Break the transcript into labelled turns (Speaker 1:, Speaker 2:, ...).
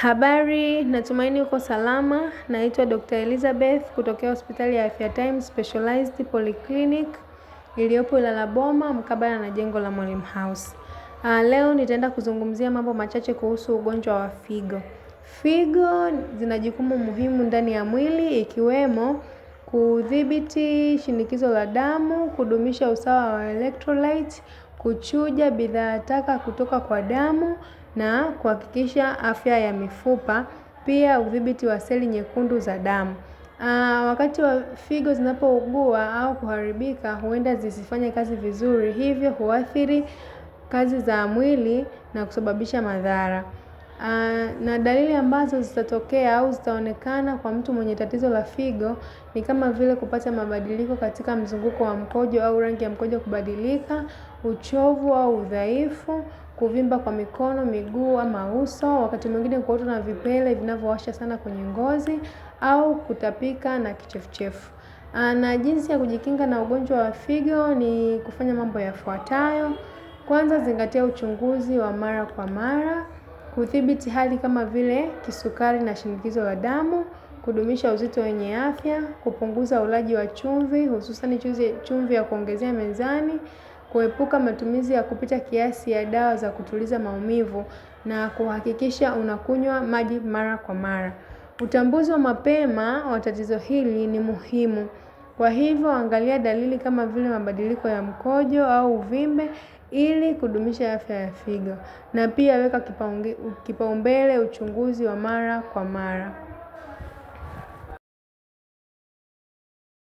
Speaker 1: Habari, natumaini uko salama. Naitwa Dr. Elizabeth kutokea hospitali ya Afya Time Specialized Polyclinic iliyopo Ilala Boma mkabala na jengo la Mwalimu House. Uh, leo nitaenda kuzungumzia mambo machache kuhusu ugonjwa wa figo. Figo zina jukumu muhimu ndani ya mwili ikiwemo kudhibiti shinikizo la damu, kudumisha usawa wa electrolyte, kuchuja bidhaa taka kutoka kwa damu na kuhakikisha afya ya mifupa, pia udhibiti wa seli nyekundu za damu. Ah, wakati wa figo zinapougua au kuharibika huenda zisifanye kazi vizuri hivyo huathiri kazi za mwili na kusababisha madhara. Uh, na dalili ambazo zitatokea au zitaonekana kwa mtu mwenye tatizo la figo ni kama vile kupata mabadiliko katika mzunguko wa mkojo au rangi ya mkojo kubadilika, uchovu au udhaifu, kuvimba kwa mikono, miguu ama uso, wakati mwingine kuota na vipele vinavyowasha sana kwenye ngozi au kutapika na kichefuchefu. Uh, na jinsi ya kujikinga na ugonjwa wa figo ni kufanya mambo yafuatayo. Kwanza, zingatia uchunguzi wa mara kwa mara. Kudhibiti hali kama vile kisukari na shinikizo la damu, kudumisha uzito wenye afya, kupunguza ulaji wa chumvi, hususani chumvi ya kuongezea mezani, kuepuka matumizi ya kupita kiasi ya dawa za kutuliza maumivu na kuhakikisha unakunywa maji mara kwa mara. Utambuzi wa mapema wa tatizo hili ni muhimu. Kwa hivyo angalia dalili kama vile mabadiliko ya mkojo au uvimbe ili kudumisha afya ya figo na pia weka kipaumbele uchunguzi wa mara kwa mara.